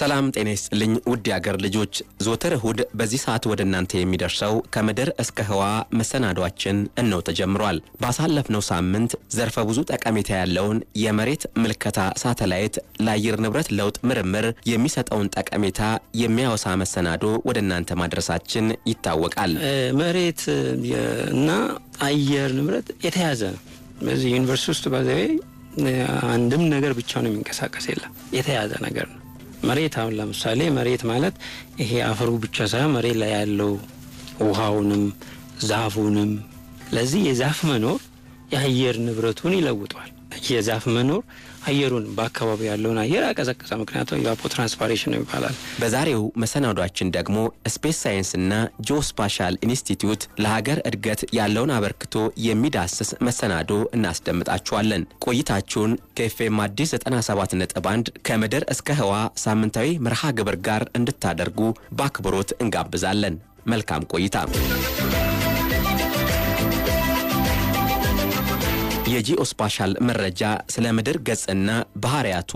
ሰላም ጤና ይስጥልኝ ውድ የአገር ልጆች፣ ዞተር እሁድ በዚህ ሰዓት ወደ እናንተ የሚደርሰው ከምድር እስከ ህዋ መሰናዷችን እነው ተጀምሯል። ባሳለፍነው ሳምንት ዘርፈ ብዙ ጠቀሜታ ያለውን የመሬት ምልከታ ሳተላይት ለአየር ንብረት ለውጥ ምርምር የሚሰጠውን ጠቀሜታ የሚያወሳ መሰናዶ ወደ እናንተ ማድረሳችን ይታወቃል። መሬት እና አየር ንብረት የተያዘ ነው። በዚህ ዩኒቨርስቲ ውስጥ ባዘቤ አንድም ነገር ነው የሚንቀሳቀስ የለም። የተያዘ ነገር ነው። መሬት አሁን ለምሳሌ መሬት ማለት ይሄ አፈሩ ብቻ ሳይሆን መሬት ላይ ያለው ውሃውንም ዛፉንም። ለዚህ የዛፍ መኖር የአየር ንብረቱን ይለውጧል። የዛፍ መኖር አየሩን በአካባቢ ያለውን አየር አቀዘቀዘ። ምክንያቱም ኢቫፖትራንስፓሬሽን ይባላል። በዛሬው መሰናዷችን ደግሞ ስፔስ ሳይንስ ሳይንስና ጂኦስፓሻል ኢንስቲትዩት ለሀገር እድገት ያለውን አበርክቶ የሚዳስስ መሰናዶ እናስደምጣችኋለን። ቆይታችሁን ከኤፍኤም አዲስ 97 ነጥብ 1 ከምድር እስከ ህዋ ሳምንታዊ መርሃ ግብር ጋር እንድታደርጉ በአክብሮት እንጋብዛለን። መልካም ቆይታ የጂኦስፓሻል መረጃ ስለ ምድር ገጽና ባህሪያቱ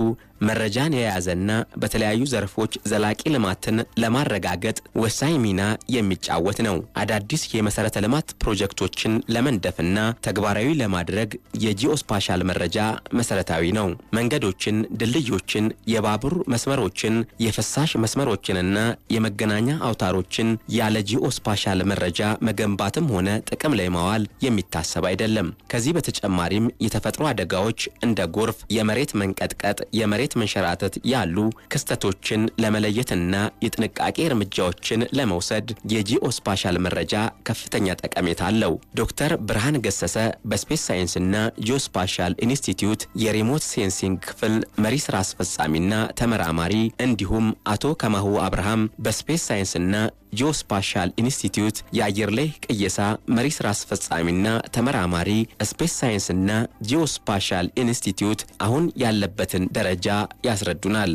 መረጃን የያዘና በተለያዩ ዘርፎች ዘላቂ ልማትን ለማረጋገጥ ወሳኝ ሚና የሚጫወት ነው። አዳዲስ የመሰረተ ልማት ፕሮጀክቶችን ለመንደፍና ተግባራዊ ለማድረግ የጂኦስፓሻል መረጃ መሰረታዊ ነው። መንገዶችን፣ ድልድዮችን፣ የባቡር መስመሮችን፣ የፍሳሽ መስመሮችንና የመገናኛ አውታሮችን ያለ ጂኦስፓሻል መረጃ መገንባትም ሆነ ጥቅም ላይ ማዋል የሚታሰብ አይደለም። ከዚህ በተጨማሪም የተፈጥሮ አደጋዎች እንደ ጎርፍ፣ የመሬት መንቀጥቀጥ፣ የመሬት የመሬት መንሸራተት ያሉ ክስተቶችን ለመለየትና የጥንቃቄ እርምጃዎችን ለመውሰድ የጂኦስፓሻል መረጃ ከፍተኛ ጠቀሜታ አለው። ዶክተር ብርሃን ገሰሰ በስፔስ ሳይንስና ጂኦስፓሻል ኢንስቲትዩት የሪሞት ሴንሲንግ ክፍል መሪ ስራ አስፈጻሚና ተመራማሪ እንዲሁም አቶ ከማሁ አብርሃም በስፔስ ሳይንስና ጂኦስፓሻል ኢንስቲትዩት የአየር ላይ ቅየሳ መሪ ስራ አስፈጻሚና ተመራማሪ ስፔስ ሳይንስና ጂኦስፓሻል ኢንስቲትዩት አሁን ያለበትን ደረጃ ያስረዱናል።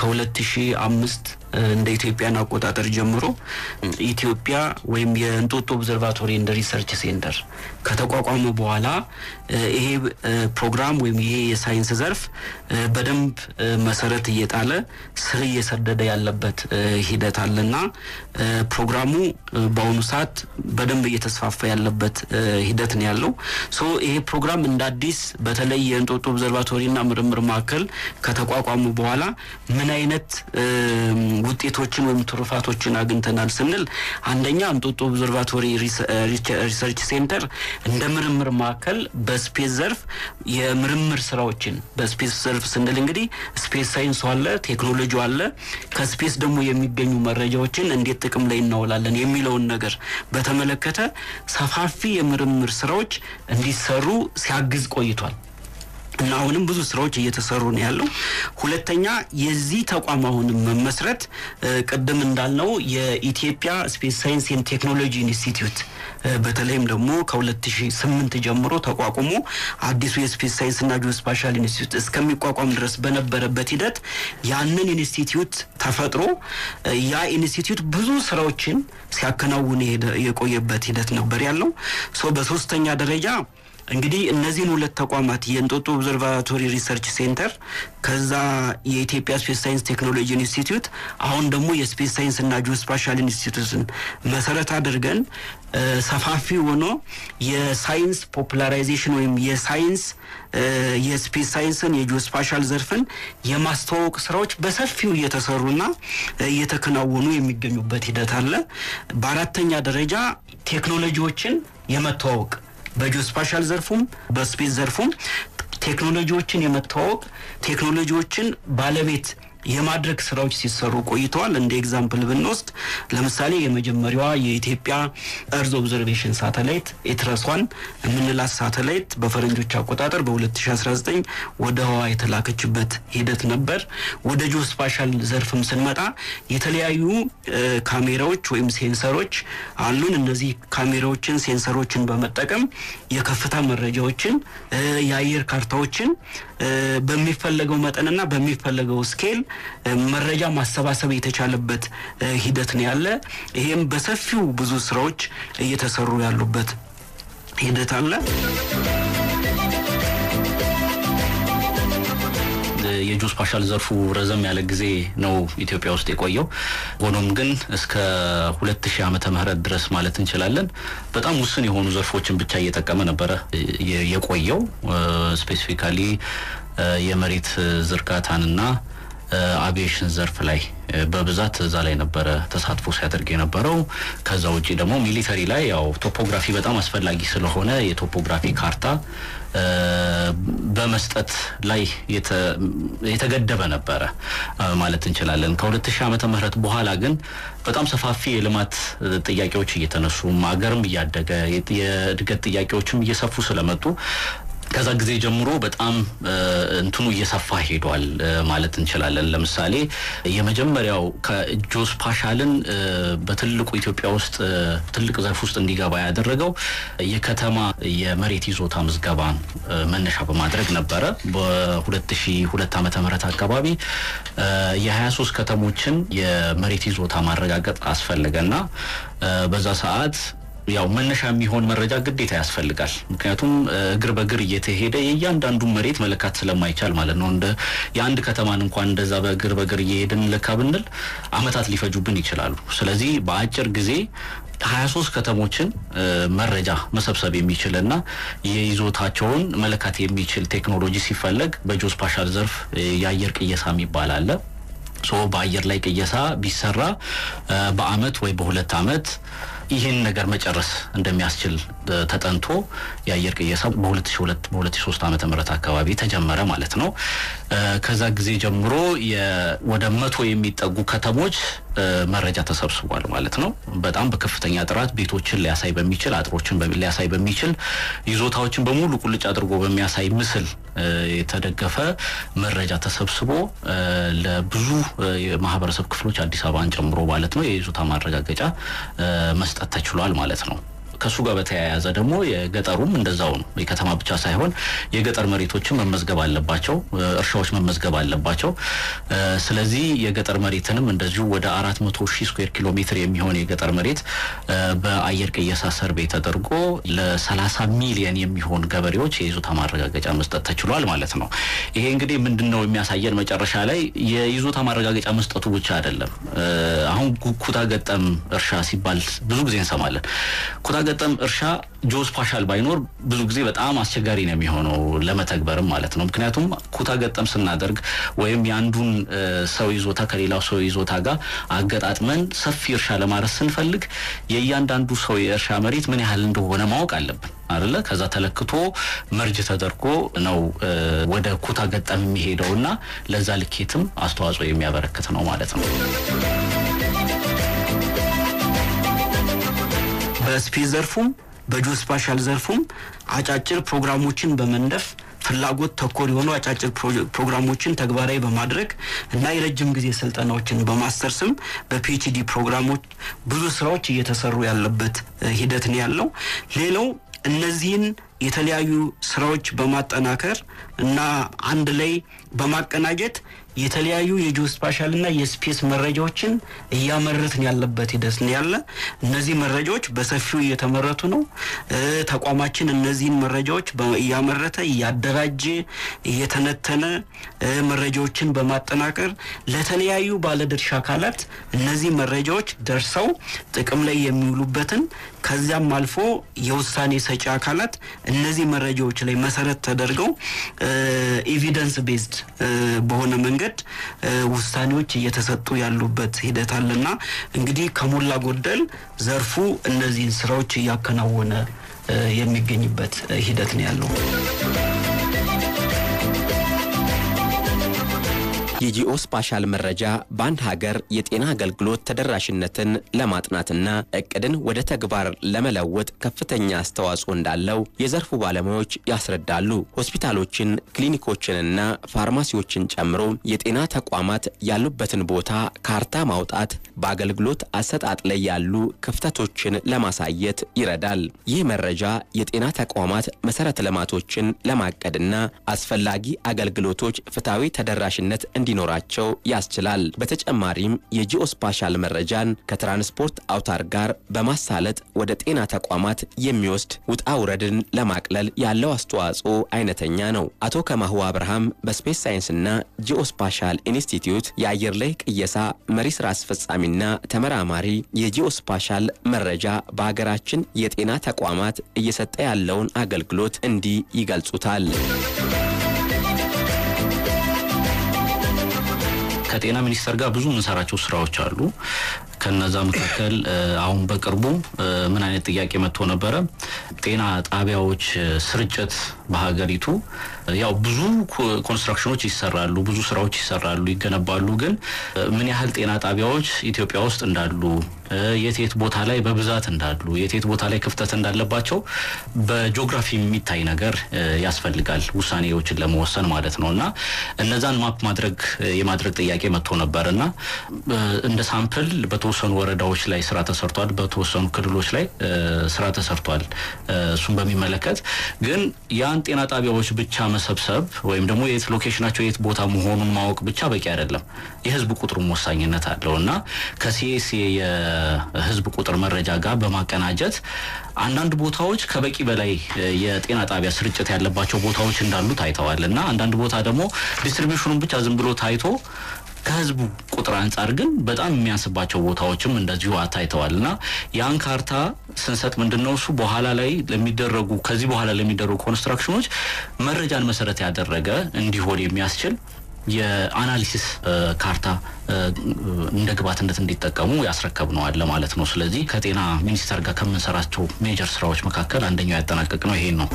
ከ2005 እንደ ኢትዮጵያን አቆጣጠር ጀምሮ ኢትዮጵያ ወይም የእንጦጦ ኦብዘርቫቶሪ እንደ ሪሰርች ሴንተር ከተቋቋመ በኋላ ይሄ ፕሮግራም ወይም ይሄ የሳይንስ ዘርፍ በደንብ መሰረት እየጣለ ስር እየሰደደ ያለበት ሂደት አለና ፕሮግራሙ በአሁኑ ሰዓት በደንብ እየተስፋፋ ያለበት ሂደት ነው ያለው። ሶ ይሄ ፕሮግራም እንደ አዲስ በተለይ የእንጦጦ ኦብዘርቫቶሪና ምርምር ማዕከል ከተቋቋሙ በኋላ ምን አይነት ውጤቶችን ወይም ትሩፋቶችን አግኝተናል ስንል አንደኛ እንጦጦ ኦብዘርቫቶሪ ሪሰርች ሴንተር እንደ ምርምር ማዕከል በስፔስ ዘርፍ የምርምር ስራዎችን በስፔስ ዘርፍ ስንል እንግዲህ ስፔስ ሳይንሱ አለ፣ ቴክኖሎጂ አለ። ከስፔስ ደግሞ የሚገኙ መረጃዎችን እንዴት ጥቅም ላይ እናውላለን የሚለውን ነገር በተመለከተ ሰፋፊ የምርምር ስራዎች እንዲሰሩ ሲያግዝ ቆይቷል። እና አሁንም ብዙ ስራዎች እየተሰሩ ነው ያለው። ሁለተኛ የዚህ ተቋም አሁንም መመስረት ቅድም እንዳልነው የኢትዮጵያ ስፔስ ሳይንስ ኤንድ ቴክኖሎጂ ኢንስቲትዩት በተለይም ደግሞ ከ2008 ጀምሮ ተቋቁሞ አዲሱ የስፔስ ሳይንስና ጂኦስፓሻል ኢንስቲትዩት እስከሚቋቋም ድረስ በነበረበት ሂደት ያንን ኢንስቲትዩት ተፈጥሮ ያ ኢንስቲትዩት ብዙ ስራዎችን ሲያከናውን የቆየበት ሂደት ነበር ያለው። በሶስተኛ ደረጃ እንግዲህ እነዚህን ሁለት ተቋማት የእንጦጦ ኦብዘርቫቶሪ ሪሰርች ሴንተር ከዛ የኢትዮጵያ ስፔስ ሳይንስ ቴክኖሎጂ ኢንስቲትዩት አሁን ደግሞ የስፔስ ሳይንስና ጂኦስፓሻል ኢንስቲትዩትን መሰረት አድርገን ሰፋፊ ሆኖ የሳይንስ ፖፕላራይዜሽን ወይም የሳይንስ የስፔስ ሳይንስን የጂኦስፓሻል ዘርፍን የማስተዋወቅ ስራዎች በሰፊው እየተሰሩና እየተከናወኑ የሚገኙበት ሂደት አለ። በአራተኛ ደረጃ ቴክኖሎጂዎችን የመተዋወቅ በጂኦስፓሻል ዘርፉም በስፔስ ዘርፉም ቴክኖሎጂዎችን የመተዋወቅ ቴክኖሎጂዎችን ባለቤት የማድረግ ስራዎች ሲሰሩ ቆይተዋል። እንደ ኤግዛምፕል ብንወስድ ለምሳሌ የመጀመሪያዋ የኢትዮጵያ እርዝ ኦብዘርቬሽን ሳተላይት ኤትረሷን የምንላት ሳተላይት በፈረንጆች አቆጣጠር በ2019 ወደ ህዋ የተላከችበት ሂደት ነበር። ወደ ጂኦስፓሻል ዘርፍም ስንመጣ የተለያዩ ካሜራዎች ወይም ሴንሰሮች አሉን። እነዚህ ካሜራዎችን ሴንሰሮችን በመጠቀም የከፍታ መረጃዎችን፣ የአየር ካርታዎችን በሚፈለገው መጠንና በሚፈለገው ስኬል መረጃ ማሰባሰብ የተቻለበት ሂደት ነው ያለ። ይሄም በሰፊው ብዙ ስራዎች እየተሰሩ ያሉበት ሂደት አለ። የጂኦ ስፓሻል ዘርፉ ረዘም ያለ ጊዜ ነው ኢትዮጵያ ውስጥ የቆየው። ሆኖም ግን እስከ ሁለት ሺህ ዓመተ ምህረት ድረስ ማለት እንችላለን በጣም ውስን የሆኑ ዘርፎችን ብቻ እየጠቀመ ነበረ የቆየው ስፔሲፊካሊ የመሬት ዝርጋታንና አቪዬሽን ዘርፍ ላይ በብዛት እዛ ላይ ነበረ ተሳትፎ ሲያደርግ የነበረው። ከዛ ውጭ ደግሞ ሚሊተሪ ላይ ያው ቶፖግራፊ በጣም አስፈላጊ ስለሆነ የቶፖግራፊ ካርታ በመስጠት ላይ የተገደበ ነበረ ማለት እንችላለን። ከ ከ2000 ዓመተ ምህረት በኋላ ግን በጣም ሰፋፊ የልማት ጥያቄዎች እየተነሱ አገርም እያደገ የእድገት ጥያቄዎችም እየሰፉ ስለመጡ ከዛ ጊዜ ጀምሮ በጣም እንትኑ እየሰፋ ሄዷል ማለት እንችላለን። ለምሳሌ የመጀመሪያው ከጆስ ፓሻልን በትልቁ ኢትዮጵያ ውስጥ ትልቅ ዘርፍ ውስጥ እንዲገባ ያደረገው የከተማ የመሬት ይዞታ ምዝገባ መነሻ በማድረግ ነበረ። በ2002 ዓመተ አካባቢ የ23 ከተሞችን የመሬት ይዞታ ማረጋገጥ አስፈለገና በዛ ሰዓት ያው መነሻ የሚሆን መረጃ ግዴታ ያስፈልጋል። ምክንያቱም እግር በእግር እየተሄደ የእያንዳንዱን መሬት መለካት ስለማይቻል ማለት ነው። እንደ የአንድ ከተማን እንኳን እንደዛ በእግር በእግር እየሄድን ለካ ብንል አመታት ሊፈጁብን ይችላሉ። ስለዚህ በአጭር ጊዜ ሀያ ሶስት ከተሞችን መረጃ መሰብሰብ የሚችል እና የይዞታቸውን መለካት የሚችል ቴክኖሎጂ ሲፈለግ በጂኦስፓሻል ዘርፍ የአየር ቅየሳ የሚባል አለ። ሶ በአየር ላይ ቅየሳ ቢሰራ በአመት ወይ በሁለት አመት ይህን ነገር መጨረስ እንደሚያስችል ተጠንቶ የአየር ቅየሳ በ2002 በ2003 ዓ ምህረት አካባቢ ተጀመረ ማለት ነው። ከዛ ጊዜ ጀምሮ ወደ መቶ የሚጠጉ ከተሞች መረጃ ተሰብስቧል ማለት ነው። በጣም በከፍተኛ ጥራት ቤቶችን ሊያሳይ በሚችል አጥሮችን ሊያሳይ በሚችል ይዞታዎችን በሙሉ ቁልጭ አድርጎ በሚያሳይ ምስል የተደገፈ መረጃ ተሰብስቦ ለብዙ የማህበረሰብ ክፍሎች አዲስ አበባን ጨምሮ ማለት ነው የይዞታ ማረጋገጫ መስጠት ተችሏል ማለት ነው። ከሱ ጋር በተያያዘ ደግሞ የገጠሩም እንደዛው ነው። የከተማ ብቻ ሳይሆን የገጠር መሬቶችን መመዝገብ አለባቸው፣ እርሻዎች መመዝገብ አለባቸው። ስለዚህ የገጠር መሬትንም እንደዚሁ ወደ አራት መቶ ሺህ ስኩዌር ኪሎ ሜትር የሚሆን የገጠር መሬት በአየር ቅየሳ ሰርቤ ተደርጎ ለሰላሳ ሚሊየን የሚሆን ገበሬዎች የይዞታ ማረጋገጫ መስጠት ተችሏል ማለት ነው። ይሄ እንግዲህ ምንድን ነው የሚያሳየን መጨረሻ ላይ የይዞታ ማረጋገጫ መስጠቱ ብቻ አይደለም። አሁን ኩታ ገጠም እርሻ ሲባል ብዙ ጊዜ እንሰማለን። ኩታ ገጠም እርሻ ጆስ ፓሻል ባይኖር ብዙ ጊዜ በጣም አስቸጋሪ ነው የሚሆነው ለመተግበርም ማለት ነው። ምክንያቱም ኩታ ገጠም ስናደርግ ወይም የአንዱን ሰው ይዞታ ከሌላው ሰው ይዞታ ጋር አገጣጥመን ሰፊ እርሻ ለማረስ ስንፈልግ የእያንዳንዱ ሰው የእርሻ መሬት ምን ያህል እንደሆነ ማወቅ አለብን አለ ከዛ ተለክቶ መርጅ ተደርጎ ነው ወደ ኩታ ገጠም የሚሄደው እና ለዛ ልኬትም አስተዋጽኦ የሚያበረክት ነው ማለት ነው። በስፔስ ዘርፉም በጂኦስፓሻል ዘርፉም አጫጭር ፕሮግራሞችን በመንደፍ ፍላጎት ተኮር የሆኑ አጫጭር ፕሮግራሞችን ተግባራዊ በማድረግ እና የረጅም ጊዜ ስልጠናዎችን በማስተር ስም በፒኤችዲ ፕሮግራሞች ብዙ ስራዎች እየተሰሩ ያለበት ሂደት ነው ያለው። ሌላው እነዚህን የተለያዩ ስራዎች በማጠናከር እና አንድ ላይ በማቀናጀት የተለያዩ የጂኦስፓሻልና የስፔስ መረጃዎችን እያመረትን ያለበት ሂደት ነው ያለ። እነዚህ መረጃዎች በሰፊው እየተመረቱ ነው። ተቋማችን እነዚህን መረጃዎች እያመረተ እያደራጀ እየተነተነ መረጃዎችን በማጠናቀር ለተለያዩ ባለድርሻ አካላት እነዚህ መረጃዎች ደርሰው ጥቅም ላይ የሚውሉበትን ከዚያም አልፎ የውሳኔ ሰጪ አካላት እነዚህ መረጃዎች ላይ መሰረት ተደርገው ኤቪደንስ ቤዝድ በሆነ መንገድ ውሳኔዎች እየተሰጡ ያሉበት ሂደት አለና እንግዲህ ከሞላ ጎደል ዘርፉ እነዚህን ስራዎች እያከናወነ የሚገኝበት ሂደት ነው ያለው። የጂኦ ስፓሻል መረጃ በአንድ ሀገር የጤና አገልግሎት ተደራሽነትን ለማጥናትና እቅድን ወደ ተግባር ለመለወጥ ከፍተኛ አስተዋጽኦ እንዳለው የዘርፉ ባለሙያዎች ያስረዳሉ። ሆስፒታሎችን፣ ክሊኒኮችንና ፋርማሲዎችን ጨምሮ የጤና ተቋማት ያሉበትን ቦታ ካርታ ማውጣት በአገልግሎት አሰጣጥ ላይ ያሉ ክፍተቶችን ለማሳየት ይረዳል። ይህ መረጃ የጤና ተቋማት መሰረተ ልማቶችን ለማቀድና አስፈላጊ አገልግሎቶች ፍትሐዊ ተደራሽነት እንዲ እንዲኖራቸው ያስችላል። በተጨማሪም የጂኦስፓሻል መረጃን ከትራንስፖርት አውታር ጋር በማሳለጥ ወደ ጤና ተቋማት የሚወስድ ውጣ ውረድን ለማቅለል ያለው አስተዋጽኦ አይነተኛ ነው። አቶ ከማሁ አብርሃም በስፔስ ሳይንስና ጂኦስፓሻል ኢንስቲትዩት የአየር ላይ ቅየሳ መሪ ስራ አስፈጻሚና ተመራማሪ የጂኦስፓሻል መረጃ በሀገራችን የጤና ተቋማት እየሰጠ ያለውን አገልግሎት እንዲህ ይገልጹታል። ከጤና ሚኒስቴር ጋር ብዙ የምንሰራቸው ስራዎች አሉ። ከነዛ መካከል አሁን በቅርቡ ምን አይነት ጥያቄ መጥቶ ነበረ? ጤና ጣቢያዎች ስርጭት በሀገሪቱ ያው ብዙ ኮንስትራክሽኖች ይሰራሉ፣ ብዙ ስራዎች ይሰራሉ፣ ይገነባሉ። ግን ምን ያህል ጤና ጣቢያዎች ኢትዮጵያ ውስጥ እንዳሉ የት ቦታ ላይ በብዛት እንዳሉ የት ቦታ ላይ ክፍተት እንዳለባቸው በጂኦግራፊ የሚታይ ነገር ያስፈልጋል ውሳኔዎችን ለመወሰን ማለት ነው እና እነዛን ማፕ ማድረግ የማድረግ ጥያቄ መጥቶ ነበር እና እንደ ሳምፕል በተወሰኑ ወረዳዎች ላይ ስራ ተሰርቷል፣ በተወሰኑ ክልሎች ላይ ስራ ተሰርቷል። እሱን በሚመለከት ግን ያን ጤና ጣቢያዎች ብቻ መሰብሰብ ወይም ደግሞ የት ሎኬሽናቸው የት ቦታ መሆኑን ማወቅ ብቻ በቂ አይደለም። የህዝብ ቁጥሩም ወሳኝነት አለው እና ከሲኤስኤ ከህዝብ ቁጥር መረጃ ጋር በማቀናጀት አንዳንድ ቦታዎች ከበቂ በላይ የጤና ጣቢያ ስርጭት ያለባቸው ቦታዎች እንዳሉ ታይተዋል እና አንዳንድ ቦታ ደግሞ ዲስትሪቢሽኑን ብቻ ዝም ብሎ ታይቶ ከህዝቡ ቁጥር አንጻር ግን በጣም የሚያንስባቸው ቦታዎችም እንደዚሁ አታይተዋል እና ያን ካርታ ስንሰጥ ምንድነው እሱ በኋላ ላይ ለሚደረጉ ከዚህ በኋላ ለሚደረጉ ኮንስትራክሽኖች መረጃን መሰረት ያደረገ እንዲሆን የሚያስችል የአናሊሲስ ካርታ እንደ ግባትነት እንዲጠቀሙ ያስረከብነዋል ማለት ነው። ስለዚህ ከጤና ሚኒስቴር ጋር ከምንሰራቸው ሜጀር ስራዎች መካከል አንደኛው ያጠናቀቅ ነው ይሄን ነው።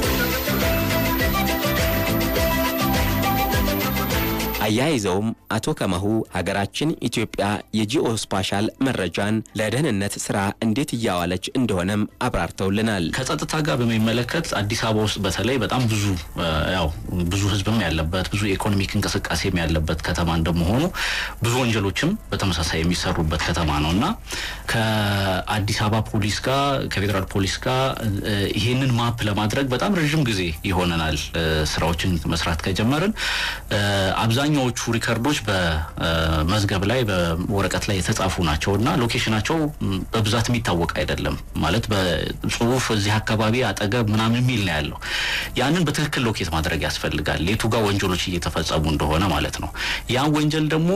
አያይዘውም አቶ ከማሁ ሀገራችን ኢትዮጵያ የጂኦስፓሻል መረጃን ለደህንነት ስራ እንዴት እያዋለች እንደሆነም አብራርተውልናል። ከጸጥታ ጋር በሚመለከት አዲስ አበባ ውስጥ በተለይ በጣም ብዙ ያው ብዙ ህዝብም ያለበት ብዙ ኢኮኖሚክ እንቅስቃሴም ያለበት ከተማ እንደመሆኑ ብዙ ወንጀሎችም በተመሳሳይ የሚሰሩበት ከተማ ነው እና ከአዲስ አበባ ፖሊስ ጋር ከፌዴራል ፖሊስ ጋር ይህንን ማፕ ለማድረግ በጣም ረዥም ጊዜ ይሆነናል ስራዎችን መስራት ከጀመርን አብዛኛው አብዛኛዎቹ ሪከርዶች በመዝገብ ላይ በወረቀት ላይ የተጻፉ ናቸው እና ሎኬሽናቸው በብዛት የሚታወቅ አይደለም። ማለት በጽሁፍ እዚህ አካባቢ አጠገብ ምናምን የሚል ነው ያለው። ያንን በትክክል ሎኬት ማድረግ ያስፈልጋል፣ ሌቱ ጋር ወንጀሎች እየተፈጸሙ እንደሆነ ማለት ነው። ያን ወንጀል ደግሞ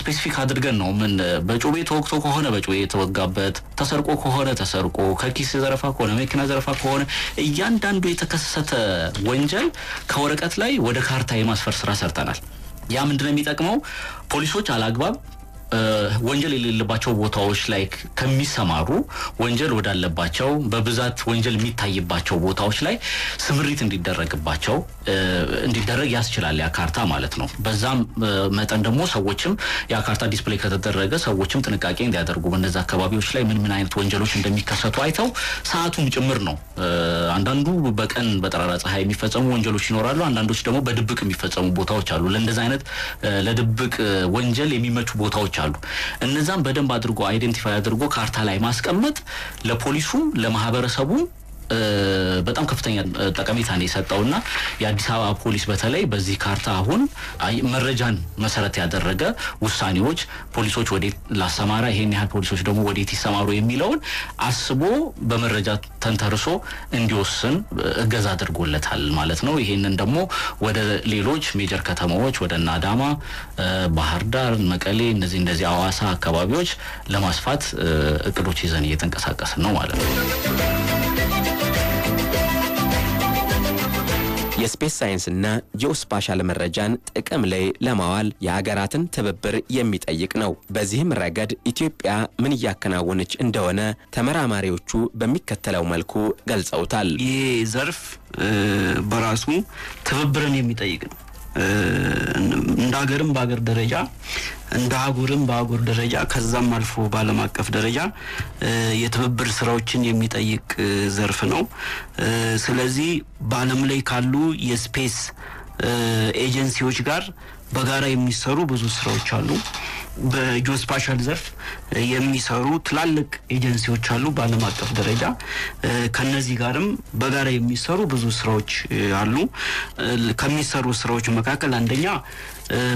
ስፔሲፊክ አድርገን ነው ምን በጩቤ ተወግቶ ከሆነ በጩቤ የተወጋበት፣ ተሰርቆ ከሆነ ተሰርቆ፣ ከኪስ ዘረፋ ከሆነ መኪና ዘረፋ ከሆነ እያንዳንዱ የተከሰተ ወንጀል ከወረቀት ላይ ወደ ካርታ የማስፈር ስራ ሰርተናል። ያ ምንድነው የሚጠቅመው? ፖሊሶች አላግባብ ወንጀል የሌለባቸው ቦታዎች ላይ ከሚሰማሩ ወንጀል ወዳለባቸው በብዛት ወንጀል የሚታይባቸው ቦታዎች ላይ ስምሪት እንዲደረግባቸው እንዲደረግ ያስችላል ያ ካርታ ማለት ነው። በዛም መጠን ደግሞ ሰዎችም ያ ካርታ ዲስፕሌይ ከተደረገ ሰዎችም ጥንቃቄ እንዲያደርጉ በነዚ አካባቢዎች ላይ ምን ምን አይነት ወንጀሎች እንደሚከሰቱ አይተው ሰዓቱም ጭምር ነው። አንዳንዱ በቀን በጠራራ ፀሐይ የሚፈጸሙ ወንጀሎች ይኖራሉ። አንዳንዶች ደግሞ በድብቅ የሚፈጸሙ ቦታዎች አሉ። ለእንደዚህ አይነት ለድብቅ ወንጀል የሚመቹ ቦታዎች አሉ። እነዛም በደንብ አድርጎ አይደንቲፋይ አድርጎ ካርታ ላይ ማስቀመጥ ለፖሊሱ፣ ለማህበረሰቡ በጣም ከፍተኛ ጠቀሜታ ነው የሰጠውና የአዲስ አበባ ፖሊስ በተለይ በዚህ ካርታ አሁን መረጃን መሰረት ያደረገ ውሳኔዎች ፖሊሶች ወዴት ላሰማራ፣ ይሄን ያህል ፖሊሶች ደግሞ ወዴት ይሰማሩ የሚለውን አስቦ በመረጃ ተንተርሶ እንዲወስን እገዛ አድርጎለታል ማለት ነው። ይሄንን ደግሞ ወደ ሌሎች ሜጀር ከተማዎች ወደ እነ አዳማ፣ ባህር ዳር፣ መቀሌ እነዚህ እንደዚህ አዋሳ አካባቢዎች ለማስፋት እቅዶች ይዘን እየተንቀሳቀስን ነው ማለት ነው። የስፔስ ሳይንስና ጂኦስፓሻል መረጃን ጥቅም ላይ ለማዋል የሀገራትን ትብብር የሚጠይቅ ነው። በዚህም ረገድ ኢትዮጵያ ምን እያከናወነች እንደሆነ ተመራማሪዎቹ በሚከተለው መልኩ ገልጸውታል። ይህ ዘርፍ በራሱ ትብብርን የሚጠይቅ ነው። እንደ ሀገርም በሀገር ደረጃ እንደ አህጉርም በአህጉር ደረጃ ከዛም አልፎ በዓለም አቀፍ ደረጃ የትብብር ስራዎችን የሚጠይቅ ዘርፍ ነው። ስለዚህ በዓለም ላይ ካሉ የስፔስ ኤጀንሲዎች ጋር በጋራ የሚሰሩ ብዙ ስራዎች አሉ። በጂኦስፓሻል ዘርፍ የሚሰሩ ትላልቅ ኤጀንሲዎች አሉ በአለም አቀፍ ደረጃ። ከነዚህ ጋርም በጋራ የሚሰሩ ብዙ ስራዎች አሉ። ከሚሰሩ ስራዎች መካከል አንደኛ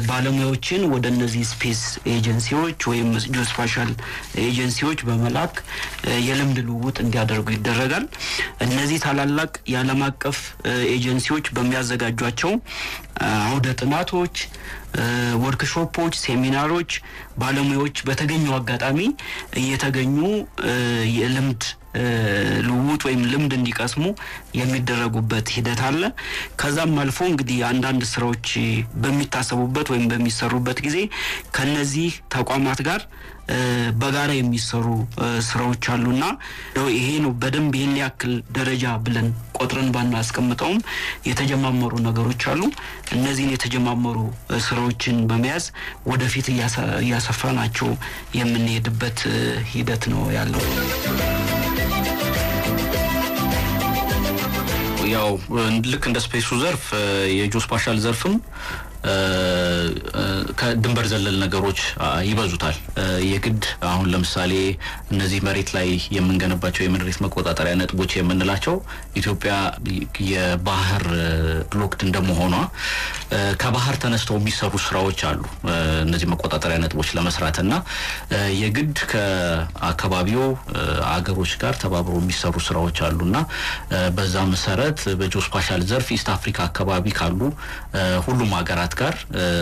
ባለሙያዎችን ወደ እነዚህ ስፔስ ኤጀንሲዎች ወይም ጂኦስፓሻል ኤጀንሲዎች በመላክ የልምድ ልውውጥ እንዲያደርጉ ይደረጋል። እነዚህ ታላላቅ የዓለም አቀፍ ኤጀንሲዎች በሚያዘጋጇቸው አውደ ጥናቶች፣ ወርክሾፖች፣ ሴሚናሮች ባለሙያዎች በተገኘው አጋጣሚ እየተገኙ የልምድ ልውውጥ ወይም ልምድ እንዲቀስሙ የሚደረጉበት ሂደት አለ። ከዛም አልፎ እንግዲህ አንዳንድ ስራዎች በሚታሰቡበት ወይም በሚሰሩበት ጊዜ ከነዚህ ተቋማት ጋር በጋራ የሚሰሩ ስራዎች አሉና ይሄ ነው በደንብ ይህን ያክል ደረጃ ብለን ቆጥረን ባናስቀምጠውም የተጀማመሩ ነገሮች አሉ። እነዚህን የተጀማመሩ ስራዎችን በመያዝ ወደፊት እያሰፋናቸው የምንሄድበት ሂደት ነው ያለው። ያው ልክ እንደ ስፔሱ ዘርፍ የጂኦስፓሻል ዘርፍም ከድንበር ዘለል ነገሮች ይበዙታል። የግድ አሁን ለምሳሌ እነዚህ መሬት ላይ የምንገነባቸው የመሬት መቆጣጠሪያ ነጥቦች የምንላቸው ኢትዮጵያ የባህር ሎክድ እንደመሆኗ ከባህር ተነስተው የሚሰሩ ስራዎች አሉ። እነዚህ መቆጣጠሪያ ነጥቦች ለመስራት እና የግድ ከአካባቢው አገሮች ጋር ተባብሮ የሚሰሩ ስራዎች አሉ እና በዛ መሰረት በጂኦስፓሻል ዘርፍ ኢስት አፍሪካ አካባቢ ካሉ ሁሉም ሀገራት ጋር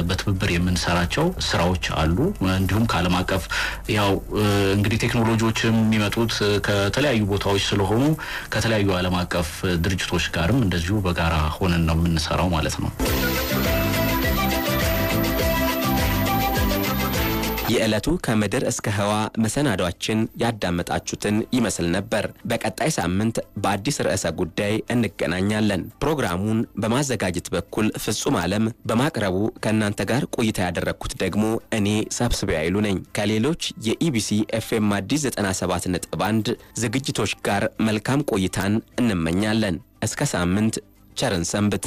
በትብብር የምንሰራቸው ስራዎች አሉ። እንዲሁም ከዓለም አቀፍ ያው እንግዲህ ቴክኖሎጂዎች የሚመጡት ከተለያዩ ቦታዎች ስለሆኑ ከተለያዩ ዓለም አቀፍ ድርጅቶች ጋርም እንደዚሁ በጋራ ሆነን ነው የምንሰራው ማለት ነው። የዕለቱ ከምድር እስከ ህዋ መሰናዷችን ያዳመጣችሁትን ይመስል ነበር። በቀጣይ ሳምንት በአዲስ ርዕሰ ጉዳይ እንገናኛለን። ፕሮግራሙን በማዘጋጀት በኩል ፍጹም ዓለም በማቅረቡ ከእናንተ ጋር ቆይታ ያደረግኩት ደግሞ እኔ ሰብስቤ አይሉ ነኝ። ከሌሎች የኢቢሲ ኤፍኤም አዲስ 97 ነጥብ 1 ዝግጅቶች ጋር መልካም ቆይታን እንመኛለን። እስከ ሳምንት ቸርን ሰንብት።